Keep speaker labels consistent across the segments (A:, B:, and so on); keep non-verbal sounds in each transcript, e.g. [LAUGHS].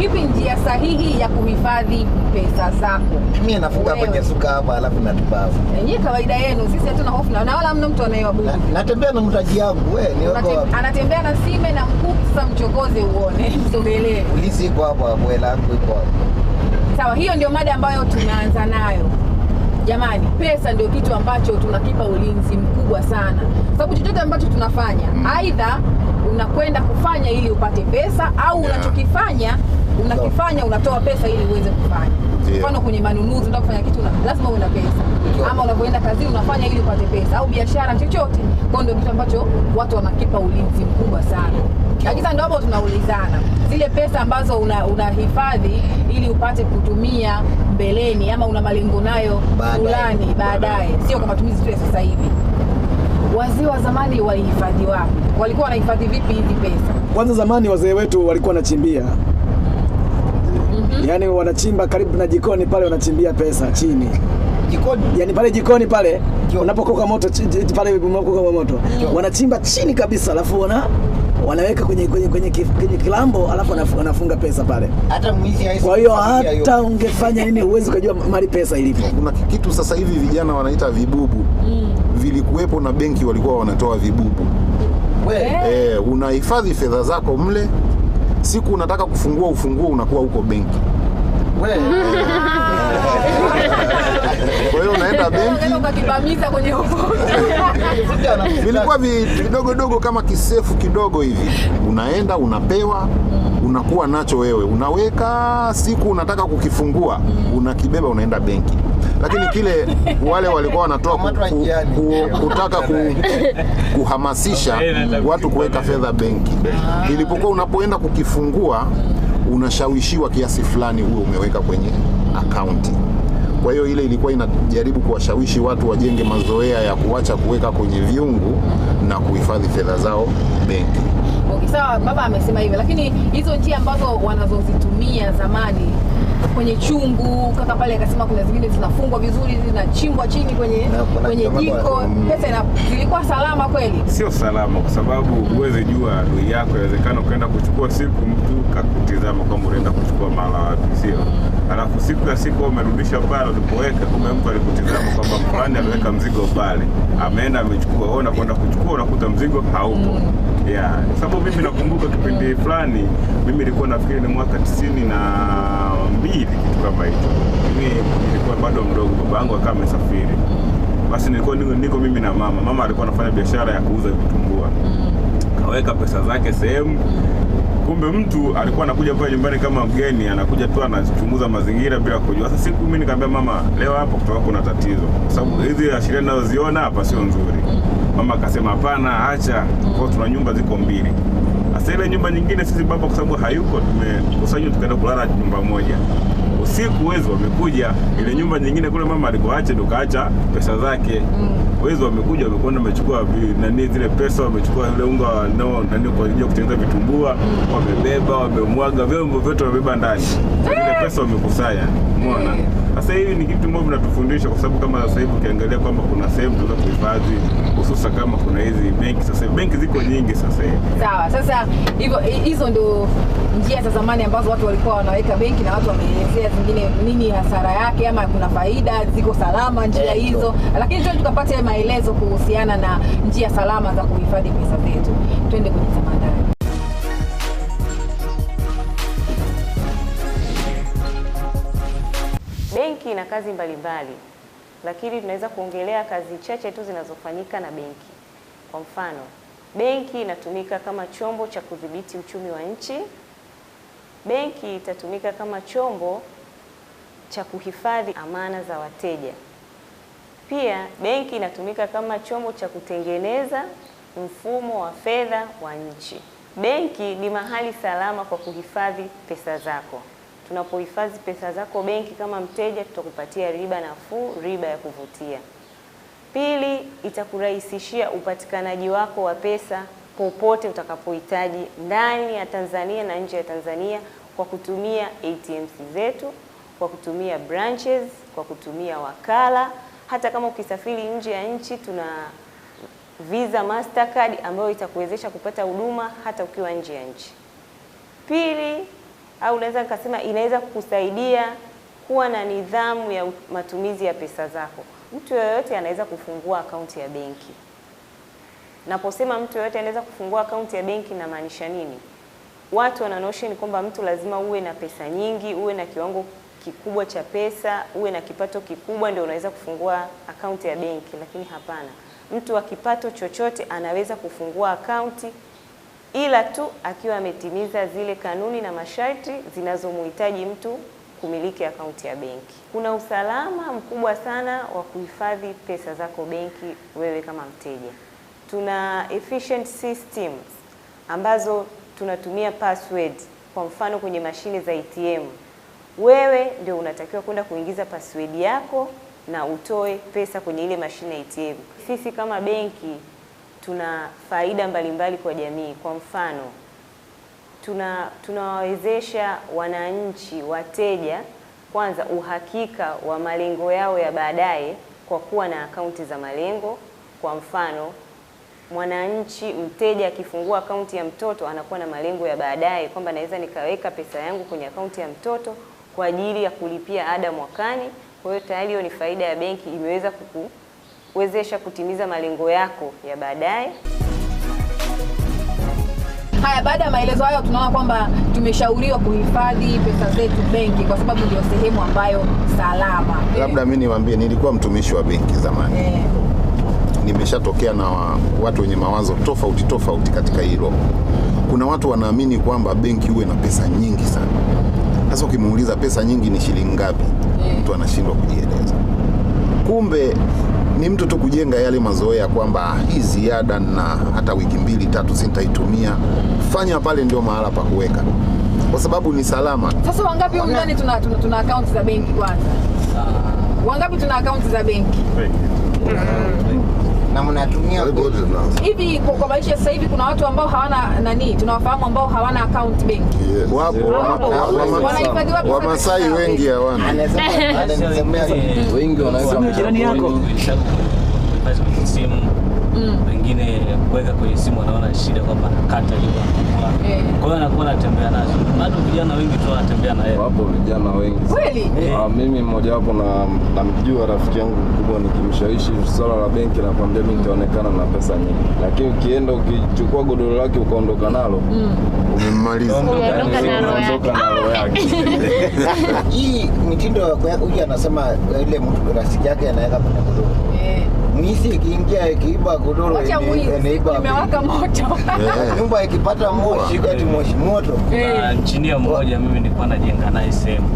A: Ipi njia sahihi ya kuhifadhi pesa zako?
B: Mimi nafuka kwenye suka hapa, alafu natubavu.
A: Eh, Yeye kawaida yenu, sisi hatuna hofu na wala hamna mtu anayewabudu.
B: Natembea na mtaji wangu wewe, ni wako.
A: Anatembea na sime na mkusa, mchokoze uone, [LAUGHS] msogelee.
B: Ulizi iko hapo, hapo hela yangu iko hapo.
A: Sawa, hiyo ndio mada ambayo tunaanza nayo jamani, pesa ndio kitu ambacho tunakipa ulinzi mkubwa sana, sababu chochote ambacho tunafanya mm. aidha unakwenda kufanya ili upate pesa au yeah. unachokifanya unakifanya unatoa pesa ili uweze kufanya mfano yeah. kwenye manunuzi unataka kufanya kitu una, lazima uwe na pesa ama unapoenda kazini unafanya ili upate pesa au biashara chochote kwao ndio kitu ambacho watu wanakipa ulinzi mkubwa sana lakini ndio hapo tunaulizana zile pesa ambazo unahifadhi una, ili upate kutumia mbeleni ama una malengo nayo fulani baadaye, sio kwa matumizi tu ya sasa hivi. Wazee wa zamani walihifadhi wapi? Walikuwa wanahifadhi vipi hizi pesa?
B: Kwanza zamani wazee wetu walikuwa wanachimbia mhm. Yaani wanachimba karibu na jikoni pale, wanachimbia pesa chini jikoni, yaani pale jikoni pale unapokoka moto pale unapokoka moto wanachimba chini kabisa, alafu wana wanaweka kwenye kwenye kwenye, kwenye kilambo alafu wanafunga pesa pale. Hata mwizi haishi. Kwa hiyo hata ungefanya nini huwezi kujua mali pesa ilipo.
C: Kuna kitu sasa hivi vijana wanaita vibubu. Mm. Vilikuwepo na benki walikuwa wanatoa vibubu. Eh, unahifadhi fedha zako mle, siku unataka kufungua ufunguo unakuwa huko benki.
B: Wewe. Eh. [LAUGHS]
C: Kwa hiyo unaenda
A: benki
C: vilikuwa vidogo dogo kama kisefu kidogo hivi, unaenda unapewa, unakuwa nacho wewe, unaweka siku unataka kukifungua, unakibeba unaenda benki lakini kile wale walikuwa wanatoa ku, ku, ku, kutaka ku, kuhamasisha watu kuweka fedha benki, ilipokuwa unapoenda kukifungua unashawishiwa kiasi fulani huwe umeweka kwenye akaunti. Kwa hiyo ile ilikuwa inajaribu kuwashawishi watu wajenge mazoea ya kuacha kuweka kwenye viungu na kuhifadhi fedha zao benki.
A: Okay, sawa, baba amesema hivyo, lakini hizo njia ambazo wanazozitumia zamani kwenye chungu kaka pale akasema kuna zingine zinafungwa vizuri zinachimbwa chini kwenye na, kwenye jiko mm. pesa ina, zilikuwa salama kweli
C: sio salama kwa sababu huwezi jua adui yako inawezekana ukaenda kuchukua siku mtu kakutizama kwamba unaenda kuchukua mala wapi sio alafu siku ya siku umerudisha pale ulipoweka kumbe mtu alikutizama kwamba fulani ameweka mzigo pale ameenda amechukua wewe unakwenda kuchukua unakuta mzigo haupo mm. yeah. sababu mimi nakumbuka kipindi mm. fulani mimi nilikuwa nafikiri ni mwaka tisini na mbili hivi kitu kama hicho. Mimi nilikuwa bado mdogo, baba yangu akawa amesafiri, basi nilikuwa niko, niko mimi na mama. Mama alikuwa anafanya biashara ya kuuza vitumbua, kaweka pesa zake sehemu kumbe mtu alikuwa anakuja pale nyumbani kama mgeni, anakuja tu anachunguza mazingira bila kujua. Sasa siku mimi nikamwambia mama, leo hapo kutoka kuna tatizo, kwa sababu hizi ashiria ninazoziona hapa sio nzuri. Mama akasema hapana, acha, kwa tuna nyumba ziko mbili. Sasa ile nyumba nyingine sisi baba, kwa sababu hayuko, tumekusanywa tukaenda kulala nyumba moja siku wezi wamekuja, ile nyumba nyingine kule mama alikoacha ndo kaacha pesa zake mm. Wezi wamekuja wamekwenda wamechukua nani zile pesa, wamechukua yule unga no, nani kwa ajili ya kutengeneza vitumbua mm. Wamebeba, wamemwaga, vyombo vyote wamebeba ndani eh. ile pesa wamekusanya, umeona mm. Sasa hivi ni kitu ambavyo vinatufundisha kwa sababu kama sasa hivi ukiangalia kwamba kuna sehemu tunaweza kuhifadhi hususa kama kuna hizi benki. Sasa benki ziko nyingi sasa hivi.
A: Sawa. Sasa hivyo hizo ndio njia za zamani ambazo watu walikuwa wanaweka benki na watu wameelezea zingine nini hasara yake ama kuna faida, ziko salama njia hizo, lakini tuende tukapata maelezo kuhusiana na njia salama za kuhifadhi pesa zetu. Twende kwenye zamani.
D: ina kazi mbalimbali, lakini tunaweza kuongelea kazi chache tu zinazofanyika na benki. Kwa mfano, benki inatumika kama chombo cha kudhibiti uchumi wa nchi. Benki itatumika kama chombo cha kuhifadhi amana za wateja. Pia benki inatumika kama chombo cha kutengeneza mfumo wa fedha wa nchi. Benki ni mahali salama kwa kuhifadhi pesa zako. Tunapohifadhi pesa zako benki kama mteja, tutakupatia riba nafuu, riba ya kuvutia. Pili, itakurahisishia upatikanaji wako wa pesa popote utakapohitaji ndani ya Tanzania na nje ya Tanzania kwa kutumia ATMs zetu, kwa kutumia branches, kwa kutumia wakala. Hata kama ukisafiri nje ya nchi, tuna Visa Mastercard ambayo itakuwezesha kupata huduma hata ukiwa nje ya nchi. Pili, au naweza nikasema inaweza kukusaidia kuwa na nidhamu ya matumizi ya pesa zako. Mtu yoyote anaweza kufungua akaunti ya benki. Naposema mtu yoyote anaweza kufungua akaunti ya benki, namaanisha nini? Watu wana notion kwamba mtu lazima uwe na pesa nyingi, uwe na kiwango kikubwa cha pesa, uwe na kipato kikubwa ndio unaweza kufungua akaunti ya benki, lakini hapana. Mtu wa kipato chochote anaweza kufungua akaunti ila tu akiwa ametimiza zile kanuni na masharti zinazomhitaji mtu kumiliki akaunti ya benki. Kuna usalama mkubwa sana wa kuhifadhi pesa zako benki, wewe kama mteja. Tuna efficient systems ambazo tunatumia password. Kwa mfano kwenye mashine za ATM, wewe ndio unatakiwa kwenda kuingiza password yako na utoe pesa kwenye ile mashine ya ATM. Sisi kama benki tuna faida mbalimbali kwa jamii. Kwa mfano, tuna tunawawezesha wananchi, wateja kwanza uhakika wa malengo yao ya baadaye kwa kuwa na akaunti za malengo. Kwa mfano, mwananchi mteja akifungua akaunti ya mtoto anakuwa na malengo ya baadaye kwamba naweza nikaweka pesa yangu kwenye akaunti ya mtoto kwa ajili ya kulipia ada mwakani. Kwa hiyo tayari hiyo ni faida ya benki imeweza kuku kuwezesha kutimiza malengo yako ya baadaye.
A: Haya, baada ya maelezo hayo, tunaona kwamba tumeshauriwa kuhifadhi pesa zetu benki kwa sababu ndio sehemu ambayo salama.
C: Labda mimi niwaambie, nilikuwa mtumishi wa benki zamani yeah. Nimeshatokea na watu wenye mawazo tofauti tofauti katika hilo. Kuna watu wanaamini kwamba benki huwe na pesa nyingi sana. Sasa ukimuuliza pesa nyingi ni shilingi ngapi, eh. mtu anashindwa kujieleza. Kumbe ni mtu tu kujenga yale mazoea kwamba hii ziada na hata wiki mbili tatu sitaitumia, fanya pale ndio mahala pa kuweka, kwa sababu ni salama.
A: Sasa wangapi huko ndani tuna, tuna, tuna akaunti za benki kwanza? Wangapi tuna akaunti za benki? Mm
B: na mnatumia
A: hivi kwa maisha. Sasa hivi kuna watu ambao hawana nani, tunawafahamu ambao hawana account bank,
B: wapo wanahifadhi wapi? Wamasai wengi hawana,
E: wengi wanaweza
F: [LAUGHS] jirani yako simu mwingine kuweka kwenye simu anaona shida kwamba anakata hiyo Kwa hiyo anakuwa anatembea nazo. Bado vijana wengi tu wanatembea na yeye.
E: Wapo vijana wengi. Kweli? yeah. Ah, mimi mmoja wapo na namjua rafiki yangu mkubwa nikimshawishi swala la benki na kwambia mimi nitaonekana na pesa nyingi. Lakini ukienda ukichukua godoro lake ukaondoka nalo, mm.
B: umemaliza Umeondoka
A: yaani nalo yake.
B: [LAUGHS] Hii mitindo ya huyu anasema ile mtu rafiki yake anaweka kwenye godoro. Eh misi ikiingia ikiiba godoro
A: imewaka moto
B: eh. [LAUGHS] nyumba ikipata moshi kati eh. moshi moto
F: chini eh. ya mmoja mimi nilikuwa najenga naye sehemu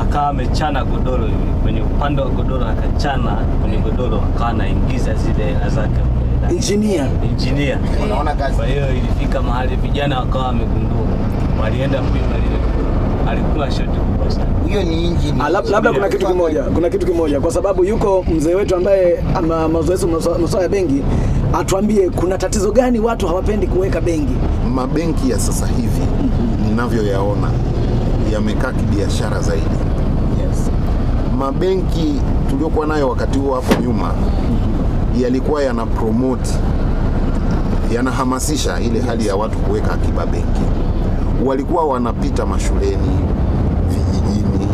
F: akawa amechana godoro kwenye upande wa godoro akachana kwenye godoro akawa anaingiza zile hela zake injinia injinia unaona kazi kwa hiyo ilifika mahali vijana wakawa wamegundua walienda kuiba lile godoro alikuwa
B: hiyo ni injini. Ah, labda kuna kitu kimoja, kuna kitu kimoja, kwa sababu yuko mzee wetu ambaye ama mazoezi masuala ya benki, atuambie kuna tatizo gani watu hawapendi kuweka benki.
C: Mabenki ya sasa hivi mm -hmm. ninavyoyaona yamekaa kibiashara zaidi yes. Mabenki tuliokuwa nayo wakati huo hapo nyuma mm -hmm. yalikuwa yana promote yanahamasisha ile yes. hali ya watu kuweka akiba benki walikuwa wanapita mashuleni, vijijini,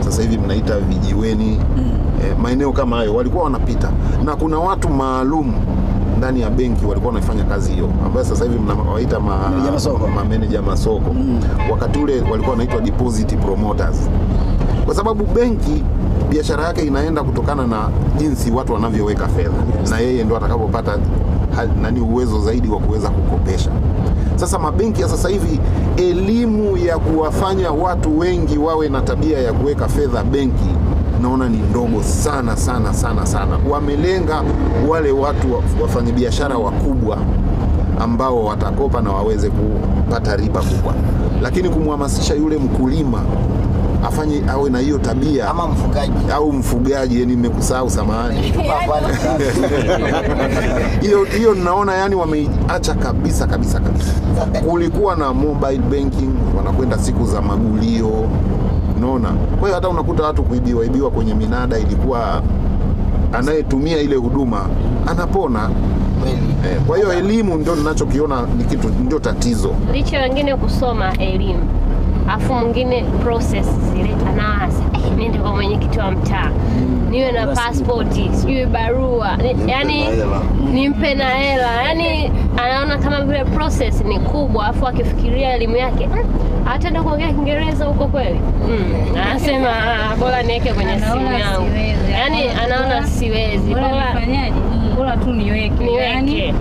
C: sasa hivi mnaita vijiweni mm. eh, maeneo kama hayo walikuwa wanapita, na kuna watu maalum ndani ya benki walikuwa wanafanya kazi hiyo ambayo sasa hivi mnawaita mameneja ma masoko mm. Wakati ule walikuwa wanaitwa deposit promoters, kwa sababu benki biashara yake inaenda kutokana na jinsi watu wanavyoweka fedha yes. Na yeye ndo atakapopata nani uwezo zaidi wa kuweza kukopesha. Sasa mabenki ya sasa hivi, elimu ya kuwafanya watu wengi wawe na tabia ya kuweka fedha benki naona ni ndogo sana sana sana sana. Wamelenga wale watu wafanyabiashara wakubwa ambao watakopa na waweze kupata riba kubwa, lakini kumhamasisha yule mkulima afanye awe na hiyo tabia
B: ama mfugaji
C: au mfugaji, yani nimekusahau, samahani. [LAUGHS] [LAUGHS] Hiyo hiyo ninaona yani wameacha kabisa kabisa kabisa. Kulikuwa na mobile banking, wanakwenda siku za magulio, unaona. Kwa hiyo hata unakuta watu kuibiwa ibiwa kwenye minada, ilikuwa anayetumia ile huduma anapona. Eh, kwa hiyo elimu ndio ninachokiona ni kitu ndio tatizo,
G: licha wengine kusoma elimu afu mwingine process zile anahasa niende kwa mwenyekiti wa mtaa mm. niwe na paspoti sijui barua yani nimpe na hela yani anaona kama vile process ni kubwa afu akifikiria elimu yake eh, ataenda kuongea Kiingereza huko kweli mm. anasema ah, bora niweke kwenye simu yangu yani anaona siwezi
A: bora tu niweke
G: niweke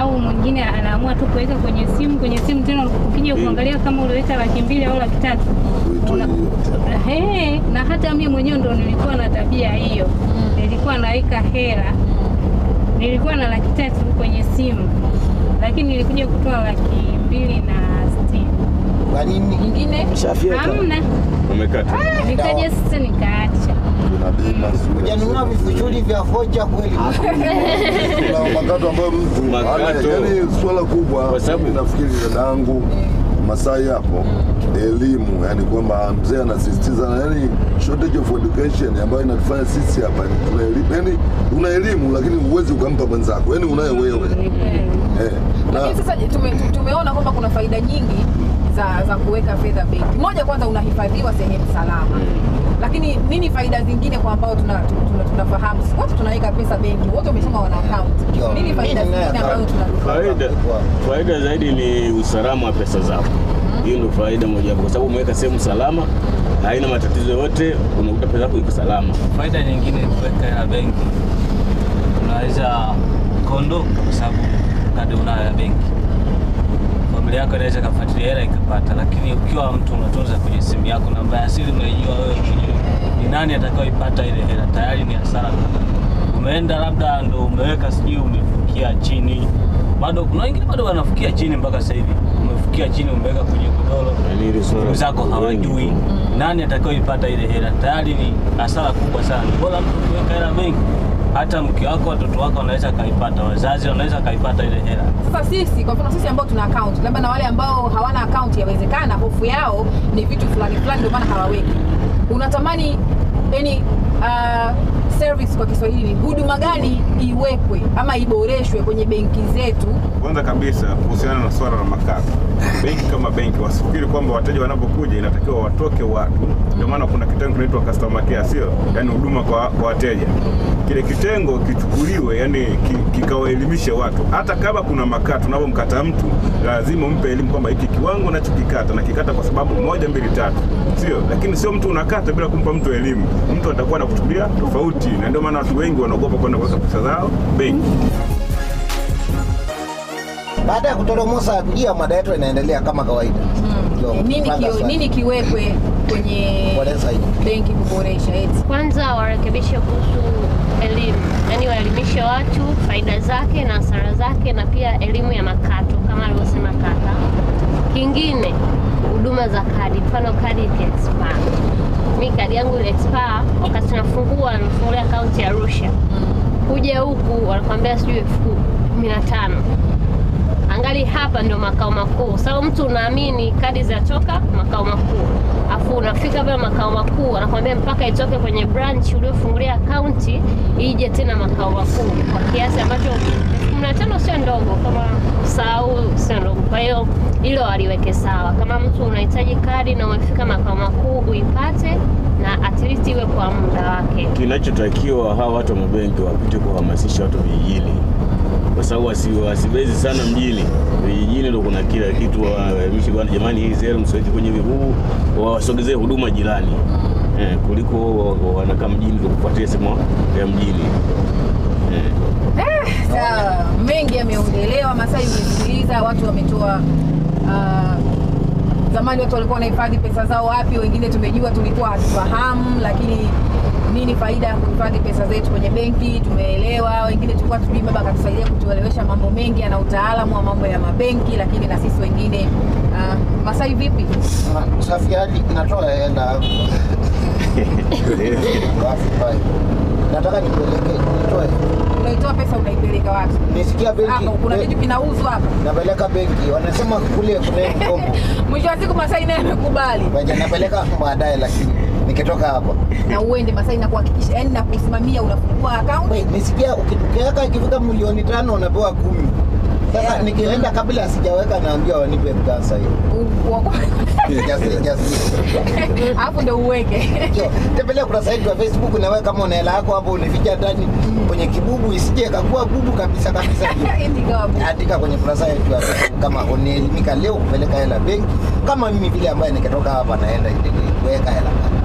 A: au mwingine anaamua tu kuweka kwenye simu, kwenye simu tena ukija kuangalia kama uliweka laki mbili au laki tatu una, na hata mimi mwenyewe ndo nilikuwa na tabia hiyo mm. Nilikuwa naweka hela, nilikuwa na laki tatu kwenye simu, lakini nilikuja kutoa laki mbili na Walini ingine
B: hamna,
F: umekata
A: ah, nikaje? Sasa nikaacha
B: ujanunua vifuchuli vya hoja kweli,
C: [LAUGHS] makato ambayo mtu yani, swala kubwa, nafikiri dadangu Masai hapo elimu, yani kwamba mzee anasisitiza, yani shortage of education ambayo inatufanya sisi hapa tuna elimu, yani una elimu lakini huwezi ukampa mwenzako, yani unayo wewe
A: eh, sasa tumeona kwamba kuna faida nyingi za, za kuweka fedha benki. Moja kwanza, unahifadhiwa sehemu salama, mm. lakini nini faida zingine kwa ambao tunafahamu tuna, tuna, tuna wote tunaweka pesa benki, wote wamesema wana account. Nini faida zingine ambazo
F: tunafaida faida zaidi ni usalama wa pesa zako mm-hmm. hiyo ndio faida moja, kwa sababu umeweka sehemu salama, haina matatizo yote, unakuta pesa yako iko salama. Faida nyingine kuweka ya benki, unaweza kondoka kwa sababu kadi unayo ya benki familia yako inaweza kafuatilia hela ikapata, lakini ukiwa mtu unatunza kwenye simu yako namba ya siri, unaijua wewe mwenyewe ni nani atakayoipata ile hela, tayari ni hasara. Umeenda labda ndo umeweka sijui umefukia chini, bado kuna wengine bado wanafukia chini mpaka sasa hivi, umefukia chini, umeweka kwenye godoro, ndugu yaani zako hawajui nani atakayoipata ile hela, tayari ni hasara kubwa sana. Bora mtu kuweka hela mengi hata mke wako, watoto wako wanaweza kaipata, wazazi wanaweza kaipata ile hela.
A: Sasa sisi kwa mfano, sisi ambao tuna account, labda na wale ambao hawana account, yawezekana hofu yao ni vitu fulani fulani, ndio maana hawaweki. Unatamani yani uh, service kwa Kiswahili huduma gani iwekwe ama iboreshwe kwenye benki zetu?
C: Kwanza kabisa kuhusiana na swala la makato benki kama benki wasifikiri kwamba wateja wanapokuja inatakiwa watoke watu. Ndio maana kuna kitengo kinaitwa customer care, sio yani huduma kwa, kwa wateja. Kile kitengo kichukuliwe, yani ki, kikawaelimishe watu, hata kama kuna makaa, tunapomkata mtu lazima umpe elimu kwamba hiki kiwango nachokikata nakikata kwa sababu moja, mbili, tatu, sio lakini sio mtu unakata bila kumpa mtu elimu, mtu atakuwa anakuchukulia tofauti hili, na ndio maana watu wengi wanaogopa kwenda kuweka pesa zao benki.
B: Baada ya kutoromosa kujia, mada yetu inaendelea kama kawaida. Hmm.
A: Nini, kiwe, nini kiwekwe kwenye benki kuboresha? Eti
G: kwanza warekebishe kuhusu elimu, yani waelimishe watu faida zake na hasara zake, na pia elimu ya makato kama alivyosema kaka. Kingine huduma za kadi, mfano kadi ikiexpand mimi kadi yangu ile expire, wakati tunafungua nafungua akaunti ya Arusha, kuja mm. huku wanakuambia sijui elfu kumi na tano angali hapa ndio makao makuu. Sababu mtu unaamini kadi zinatoka makao makuu, afu unafika pale makao makuu anakuambia mpaka itoke kwenye branch uliofungulia akaunti ije tena makao makuu, kwa kiasi ambacho tano sio ndogo, kama sahau sio ndogo. Kwa hiyo hilo aliweke sawa, kama mtu unahitaji kadi na umefika makao makuu uipate na at least iwe kwa muda wake.
C: Kinachotakiwa hawa watu wa mabenki wapite kuhamasisha watu vijijini kwa sababu wasibezi sana mjini. Vijijini ndo kuna kila kitu. Waelimishe bwana, jamani, hii zero msiweke kwenye vibubu, wawasogezee huduma jirani eh, kuliko wanakaa mjini kufuatia sema ya mjini
A: eh. eh. Sawa, mengi yameongelewa, masai imesikiliza, watu wametoa uh, zamani watu walikuwa wanahifadhi pesa zao wapi, wengine tumejua, tulikuwa hatufahamu, lakini nini faida ya kuhifadhi pesa zetu kwenye benki. Tumeelewa wengine, tulikuwa tujui, baba akatusaidia kutuelewesha mambo mengi, ana utaalamu wa mambo ya mabenki, lakini na sisi wengine uh, Masai vipi?
B: Safi hadi natoa hela nataka nipeleke nitoe.
A: Unaitoa pesa unaipeleka wapi?
B: Nisikia benki. Hapo
A: kuna kitu kinauzwa hapa.
B: Napeleka benki. Wanasema kule kuna [LAUGHS] mkombo
A: Mwisho wa siku Masai naye amekubali.
B: napeleka baadaye lakini nikitoka hapa
A: na uende Masai na kuhakikisha yani na kusimamia unafungua account.
B: Wait, nisikia ukitokea ikifika milioni tano unapewa kumi. Sasa yeah. nikienda kabla sijaweka naambia wanipe pesa hiyo. [LAUGHS]
A: Hapo ndio uweke.
B: Tembelea kurasa yetu ya Facebook na wewe kama una hela yako hapo unificha ndani kwenye kibubu isije kakuwa bubu kabisa kabisa. [LAUGHS] Andika kwenye kurasa yetu ya Facebook kama unaelimika leo kupeleka hela benki kama mimi vile ambaye nikitoka hapa naenda kuweka hela.